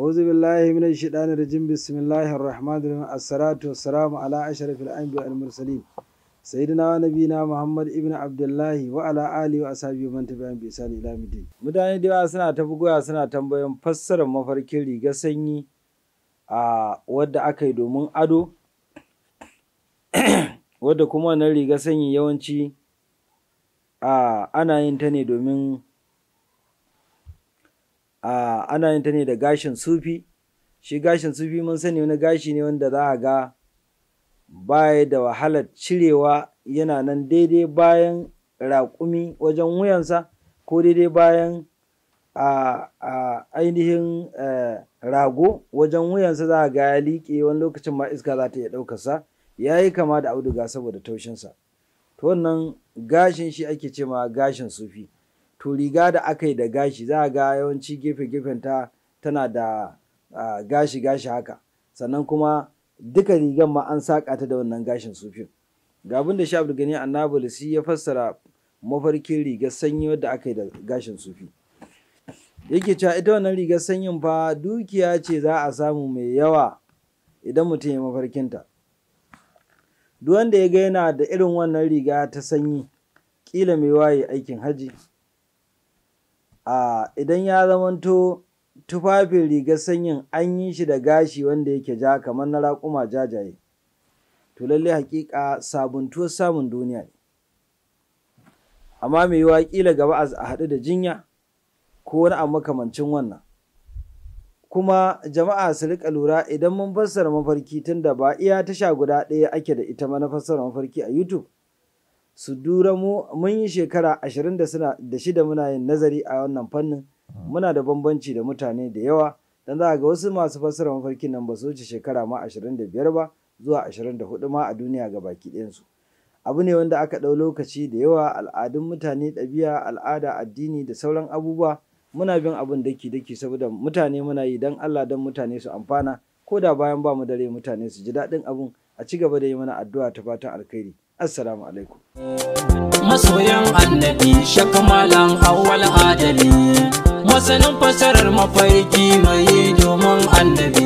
أعوذ بالله من الشيطان الرجيم بسم الله الرحمن الرحيم الصلاة والسلام على أشرف الأنبياء والمرسلين سيدنا ونبينا محمد ابن عبد الله وعلى آله وأصحابه من تبعهم بإحسان إلى يوم الدين مدعي da yawa تبقى ta bugowa suna tambayan fassarar mafarkin rigar sanyi a wadda aka yi domin ado wadda kuma wannan rigar sanyi yawanci a ana yin ana yin ta ne da gashin sufi shi gashin sufi mun sani wani gashi ne wanda za a ga baya da wahalar cirewa yana nan daidai bayan raƙumi wajen wuyansa ko daidai bayan a ainihin e, rago wajen wuyansa za a ga ya liƙe wani lokacin ma iska za ta iya ɗaukarsa ya yi kama da auduga saboda taushinsa to wannan gashin shi ake ce ma gashin sufi to riga da aka yi da gashi za ga yawanci gefe-gefen ta tana da gashi-gashi haka sannan kuma duka rigar ma an saƙa ta da wannan gashin sufin ga abin da sha gani annabulisi ya fassara mafarkin rigar sanyi wadda aka yi da gashin sufi yake cewa ita wannan rigar sanyin fa dukiya ce za a samu mai yawa idan mutum ya mafarkinta duk ya ga yana da irin wannan riga ta sanyi kila mai waye aikin haji a idan ya zamanto tufafin rigar sanyin an yi shi da gashi wanda yake ja kamar na raƙuma jajaye to lallai hakika sabuntuwar samun duniya ne amma mai yiwa ƙila gaba a haɗu da jinya ko wani abu makamancin wannan kuma jama'a su riƙa lura idan mun fassara mafarki tun da ba iya tasha guda ɗaya ake da ita na fassara mafarki a youtube su dura mu mun yi shekara ashirin da shida muna yin nazari a wannan fannin muna da bambanci da mutane da yawa don za ga wasu masu fassara mafarkin nan ba su wuce shekara ma ashirin da biyar ba zuwa ashirin da hudu ma a duniya ga baki ɗayansu abu ne wanda aka ɗau lokaci da yawa al'adun mutane ɗabi'a al'ada addini da sauran abubuwa muna bin abin daki daki saboda mutane muna yi don allah don mutane su amfana ko da bayan ba mu dare mutane su ji daɗin abun. a ci gaba da yi mana addu'a ta fatan alkhairi assalamu alaikum masoyan annabi malam awwal adali masanin fasarar mafarki mai domin annabi